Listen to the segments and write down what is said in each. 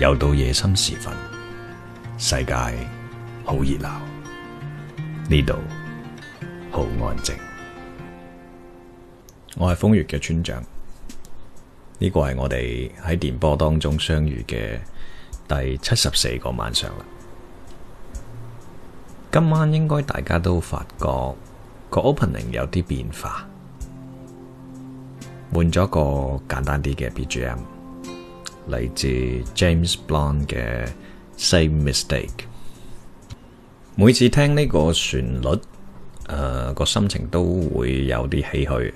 又到夜深時分，世界好熱鬧，呢度好安靜。我係瘋粵嘅村長，呢個係我哋喺電波當中相遇嘅第七十四個晚上啦。今晚應該大家都發覺個 opening 有啲變化，換咗個簡單啲嘅 BGM。嚟自 James Blunt 嘅《Same Mistake》，每次聽呢個旋律，誒、呃、個心情都會有啲唏噓。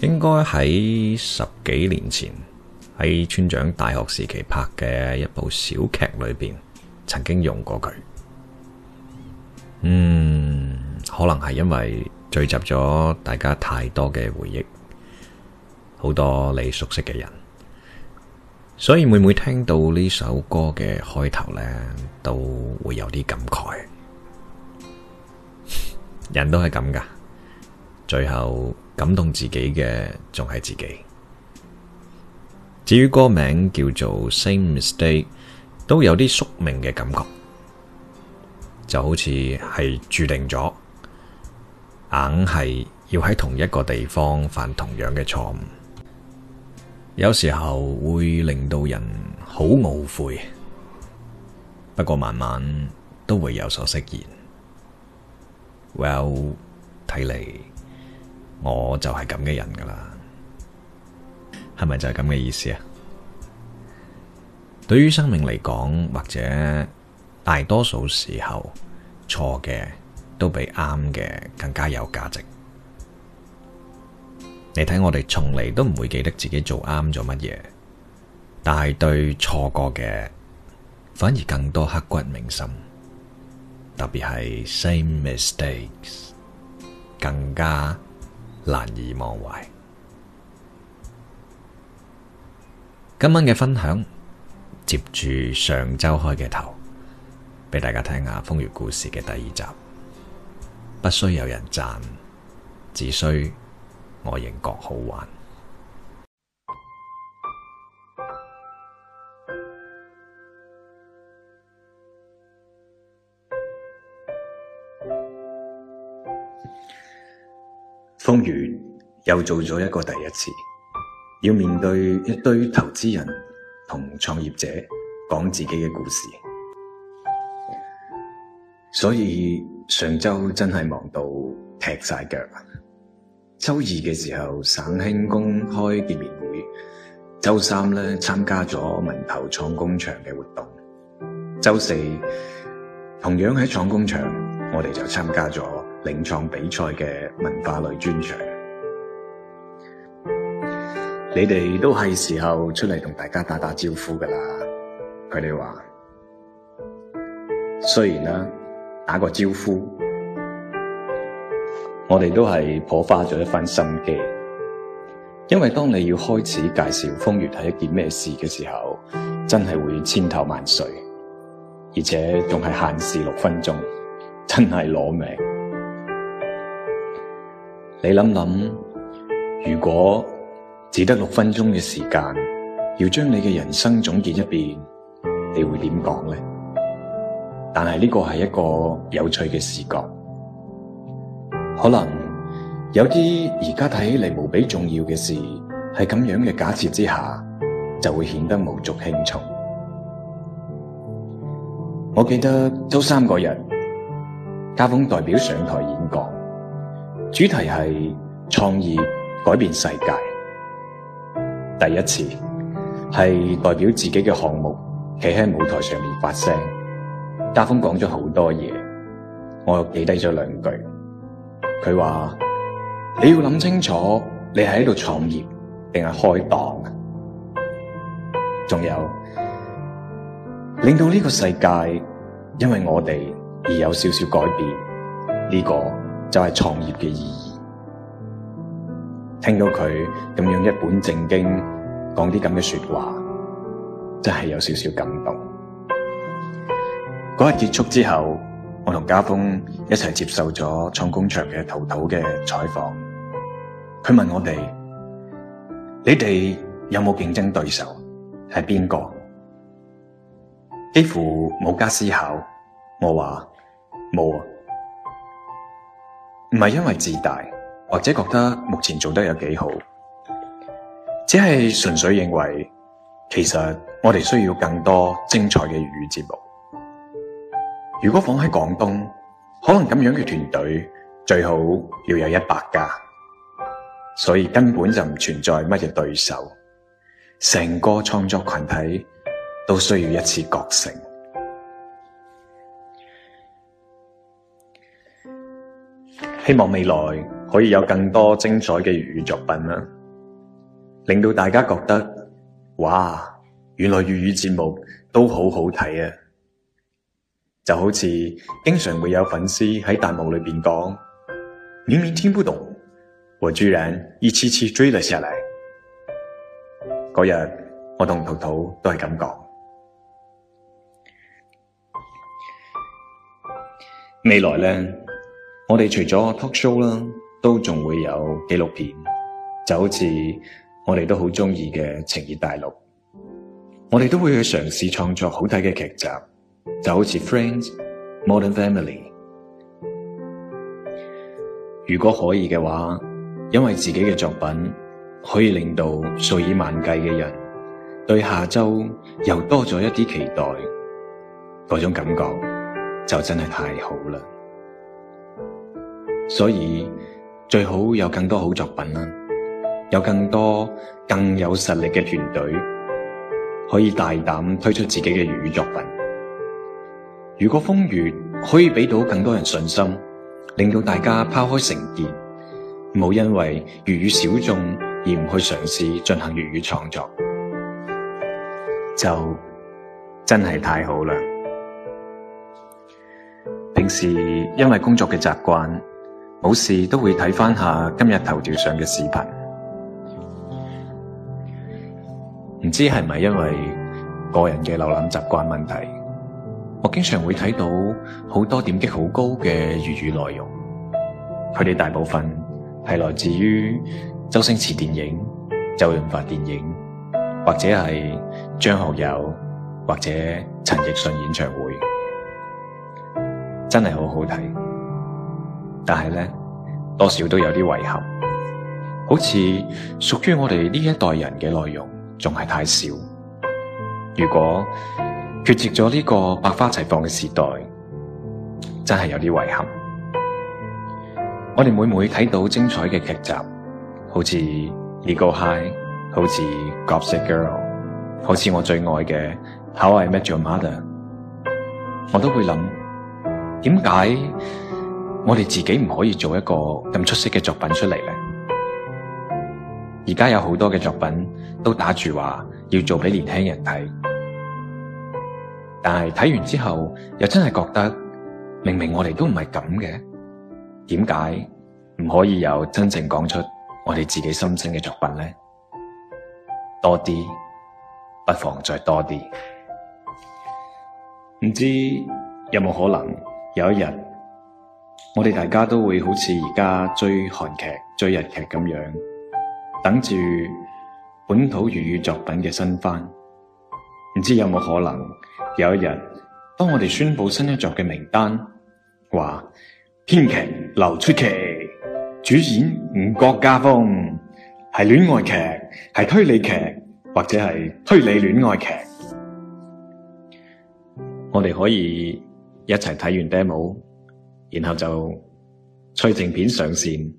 應該喺十幾年前喺村長大學時期拍嘅一部小劇裏邊，曾經用過佢。嗯，可能係因為聚集咗大家太多嘅回憶，好多你熟悉嘅人。所以每每聽到呢首歌嘅開頭咧，都會有啲感慨。人都係咁㗎，最後感動自己嘅仲係自己。至於歌名叫做《Same Mistake》，都有啲宿命嘅感覺，就好似係注定咗，硬係要喺同一個地方犯同樣嘅錯誤。有時候會令到人好懊悔，不過慢慢都會有所釋然。Well，睇嚟我就係咁嘅人噶啦，係咪就係咁嘅意思啊？對於生命嚟講，或者大多數時候錯嘅都比啱嘅更加有價值。你睇我哋從嚟都唔會記得自己做啱咗乜嘢，但係對錯過嘅，反而更多刻骨銘心，特別係 same mistakes 更加難以忘懷。今晚嘅分享接住上周開嘅頭，俾大家聽下《瘋粵故事》嘅第二集，不須有人讚，只須。我仍覺好玩。瘋粵又做咗一個第一次，要面對一堆投資人同創業者講自己嘅故事，所以上周真係忙到踢晒腳。周二嘅時候，省輕工開見面會；周三呢，參加咗文投創工場嘅活動；周四同樣喺創工場，我哋就參加咗嶺創比賽嘅文化類專場。你哋都係時候出嚟同大家打打招呼噶啦，佢哋話。雖然啦，打個招呼。我哋都係頗花咗一番心機，因為當你要開始介紹《瘋粵》係一件咩事嘅時候，真係會千頭萬緒，而且仲係限時六分鐘，真係攞命。你諗諗，如果只得六分鐘嘅時間，要將你嘅人生總結一遍，你會點講咧？但係呢個係一個有趣嘅視角。可能有啲而家睇起嚟無比重要嘅事，係咁樣嘅假設之下，就會顯得無足輕重。我記得周三嗰日，嘉峰代表上台演講，主題係創業改變世界。第一次係代表自己嘅項目企喺舞台上面發聲。嘉峰講咗好多嘢，我又記低咗兩句。佢話：你要諗清楚你，你係喺度創業定係開檔？仲有，令到呢個世界因為我哋而有少少改變，呢個就係創業嘅意義。聽到佢咁樣一本正經講啲咁嘅說話，真係有少少感動。嗰日結束之後。我同嘉峰一齊接受咗創工場嘅涂涂嘅採訪，佢問我哋：你哋有冇競爭對手？係邊個？幾乎冇加思考，我話冇啊，唔係因為自大，或者覺得目前做得有幾好，只係純粹認為，其實我哋需要更多精彩嘅粵語節目。如果放喺廣東，可能咁樣嘅團隊最好要有一百家，所以根本就唔存在乜嘢對手。成個創作群體都需要一次覺醒。希望未來可以有更多精彩嘅粵語作品啦，令到大家覺得哇，原來粵語節目都好好睇啊！就好似經常會有粉絲喺彈幕裏邊講，明明聽不懂，我居然一次次追了下嚟。嗰日我同涂涂都係咁講。未來咧，我哋除咗 talk show 啦，都仲會有紀錄片，就好似我哋都好中意嘅《情熱大陸》，我哋都會去嘗試創作好睇嘅劇集。就好似《Friends》、《Modern Family》，如果可以嘅話，因為自己嘅作品可以令到數以萬計嘅人對下周又多咗一啲期待嗰種感覺，就真係太好啦。所以最好有更多好作品啦，有更多更有實力嘅團隊可以大膽推出自己嘅粵語作品。如果瘋粵可以俾到更多人信心，令到大家拋開成見，冇因為粵語小眾而唔去嘗試進行粵語創作，就真係太好啦！平時因為工作嘅習慣，冇事都會睇翻下今日頭條上嘅視頻，唔知係咪因為個人嘅瀏覽習慣問題？我經常會睇到好多點擊好高嘅粵語內容，佢哋大部分係來自於周星馳電影、周潤發電影，或者係張學友或者陳奕迅演唱會，真係好好睇。但係咧，多少都有啲遺憾，好似屬於我哋呢一代人嘅內容仲係太少。如果缺席咗呢個百花齊放嘅時代，真係有啲遺憾。我哋每每睇到精彩嘅劇集，好似《Legal High》，好似《Gossip Girl》，好似我最愛嘅《How I Met Your Mother》，我都會諗：點解我哋自己唔可以做一個咁出色嘅作品出嚟咧？而家有好多嘅作品都打住話要做俾年輕人睇。但係睇完之後，又真係覺得明明我哋都唔係咁嘅，點解唔可以有真正講出我哋自己心聲嘅作品呢？多啲，不妨再多啲。唔知有冇可能有一日，我哋大家都會好似而家追韓劇、追日劇咁樣，等住本土粵語作品嘅新番？唔知有冇可能？有一日，當我哋宣佈新一作嘅名單，話編劇劉出奇，主演吳國嘉峰，係戀愛劇，係推理劇，或者係推理戀愛劇，我哋可以一齊睇完 demo，然後就催正片上線，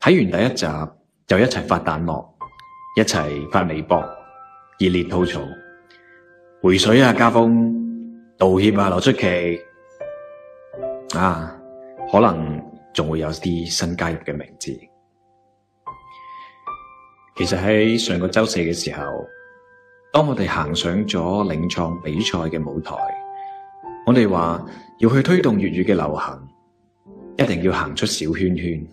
睇完第一集就一齊發彈幕，一齊發微博，熱烈吐槽。回水啊，嘉峰道歉啊，劉出奇啊，可能仲會有啲新加入嘅名字。其實喺上個周四嘅時候，當我哋行上咗嶺創比賽嘅舞台，我哋話要去推動粵語嘅流行，一定要行出小圈圈，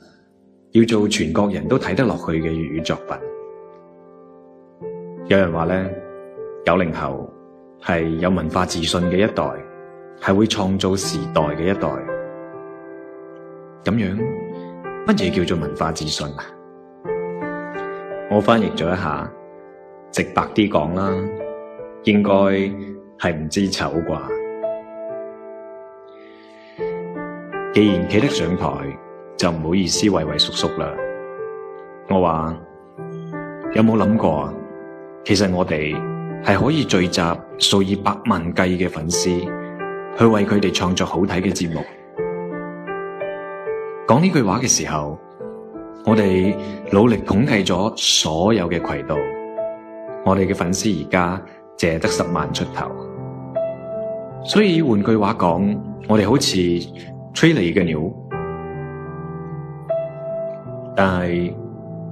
要做全國人都睇得落去嘅粵語作品。有人話咧，九零後。係有文化自信嘅一代，係會創造時代嘅一代。咁樣，乜嘢叫做文化自信啊？我翻譯咗一下，直白啲講啦，應該係唔知醜啩。既然企得上台，就唔好意思畏畏縮縮啦。我話，有冇諗過啊？其實我哋。係可以聚集數以百萬計嘅粉絲，去為佢哋創作好睇嘅節目。講呢句話嘅時候，我哋努力統計咗所有嘅渠道，我哋嘅粉絲而家借得十萬出頭。所以換句話講，我哋好似吹咗個牛呢。但係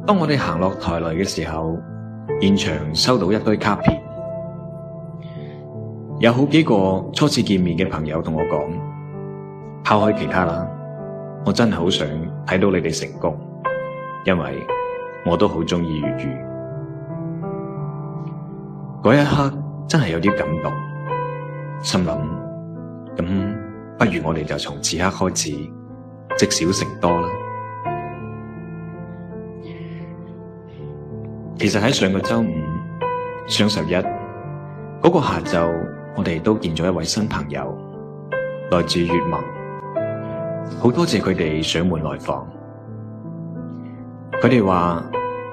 當我哋行落台來嘅時候，現場收到一堆卡片。有好幾個初次見面嘅朋友同我講，拋開其他啦，我真係好想睇到你哋成功，因為我都好中意粵語。嗰一刻真係有啲感動，心諗咁不如我哋就從此刻開始積少成多啦。其實喺上個周五雙十一嗰個下晝。我哋都見咗一位新朋友，來自粵盟，好多謝佢哋上門來訪。佢哋話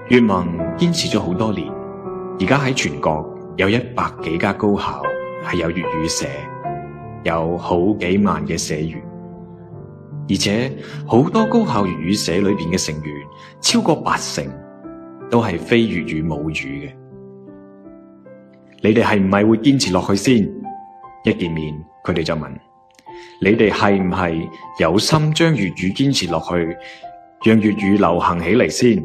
粵盟堅持咗好多年，而家喺全國有一百幾家高校係有粵語社，有好幾萬嘅社員，而且好多高校粵語社裏邊嘅成員超過八成都係非粵語母語嘅。你哋係唔係會堅持落去先？一見面，佢哋就問：你哋係唔係有心將粵語堅持落去，讓粵語流行起嚟先？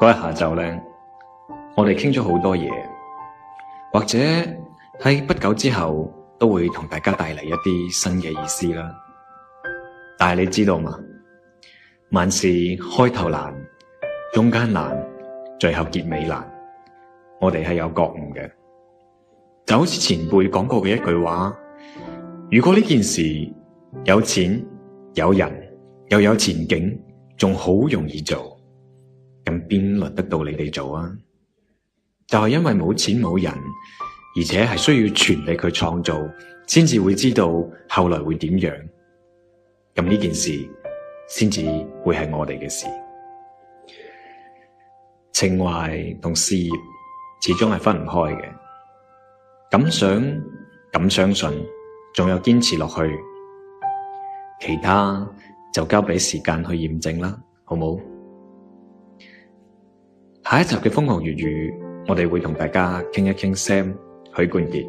嗰日 下晝咧，我哋傾咗好多嘢，或者喺不久之後都會同大家帶嚟一啲新嘅意思啦。但係你知道嘛？萬事開頭難。中間難，最後結尾難，我哋係有覺悟嘅。就好似前輩講過嘅一句話：如果呢件事有錢有人又有前景，仲好容易做，咁邊輪得到你哋做啊？就係因為冇錢冇人，而且係需要全力去創造，先至會知道後來會點樣。咁呢件事先至會係我哋嘅事。情懷同事業始終係分唔開嘅，敢想敢相信，仲有堅持落去，其他就交俾時間去驗證啦，好冇？下一集嘅瘋狂粵語，我哋會同大家傾一傾 Sam 許冠傑，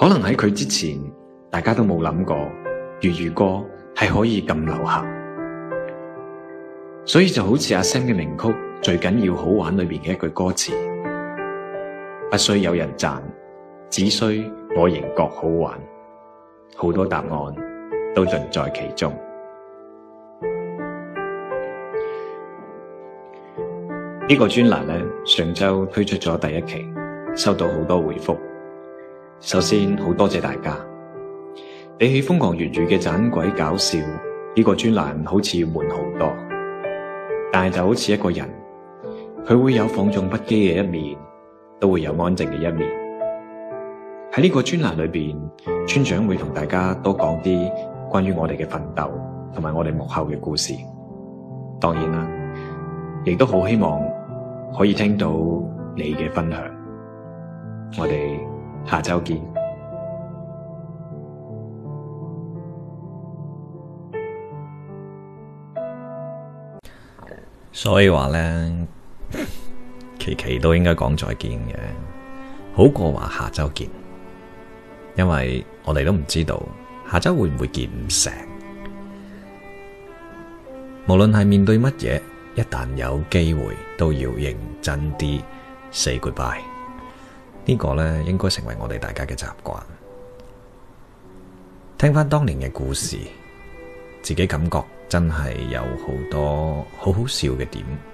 可能喺佢之前，大家都冇諗過粵語歌係可以咁流行，所以就好似阿 Sam 嘅名曲。最緊要好玩裏面嘅一句歌詞，不須有人讚，只須我仍覺好玩。好多答案都盡在其中。呢 個專欄呢，上周推出咗第一期，收到好多回覆首先好多謝大家。比起瘋狂粵語嘅盞鬼搞笑，呢個專欄好似悶好多，但係就好似一個人。佢會有放縱不羈嘅一面，都會有安靜嘅一面。喺呢個專欄裏邊，村長會同大家多講啲關於我哋嘅奮鬥，同埋我哋幕後嘅故事。當然啦，亦都好希望可以聽到你嘅分享。我哋下周見。所以話咧。期期都應該講再見嘅，好過話下周見，因為我哋都唔知道下周會唔會見唔成。無論係面對乜嘢，一旦有機會都要認真啲 say goodbye。呢個呢，應該成為我哋大家嘅習慣。聽翻當年嘅故事，自己感覺真係有好多好好笑嘅點。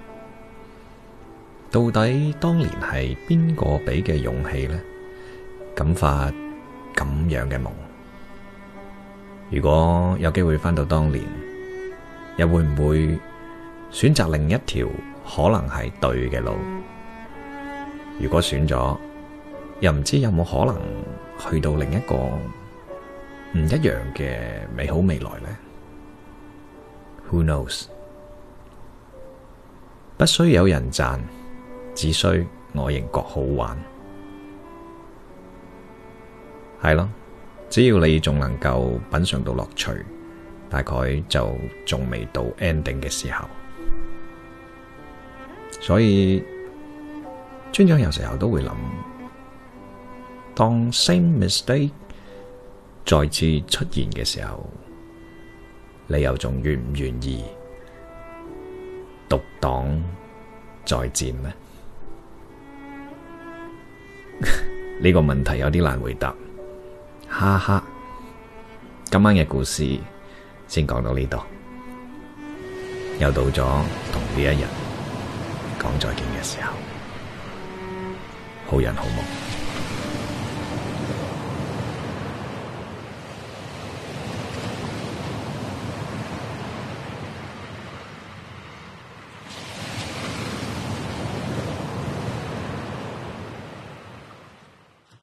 到底當年係邊個俾嘅勇氣呢？咁發咁樣嘅夢。如果有機會翻到當年，又會唔會選擇另一條可能係對嘅路？如果選咗，又唔知有冇可能去到另一個唔一樣嘅美好未來呢？Who knows？不須有人讚。只須我仍覺好玩，係咯。只要你仲能夠品嘗到樂趣，大概就仲未到 ending 嘅時候。所以，村長有時候都會諗：當 same mistake 再次出現嘅時候，你又仲願唔願意獨擋再戰呢？呢個問題有啲難回答，哈哈。今晚嘅故事先講到呢度，又到咗同呢一日講再見嘅時候，好人好夢。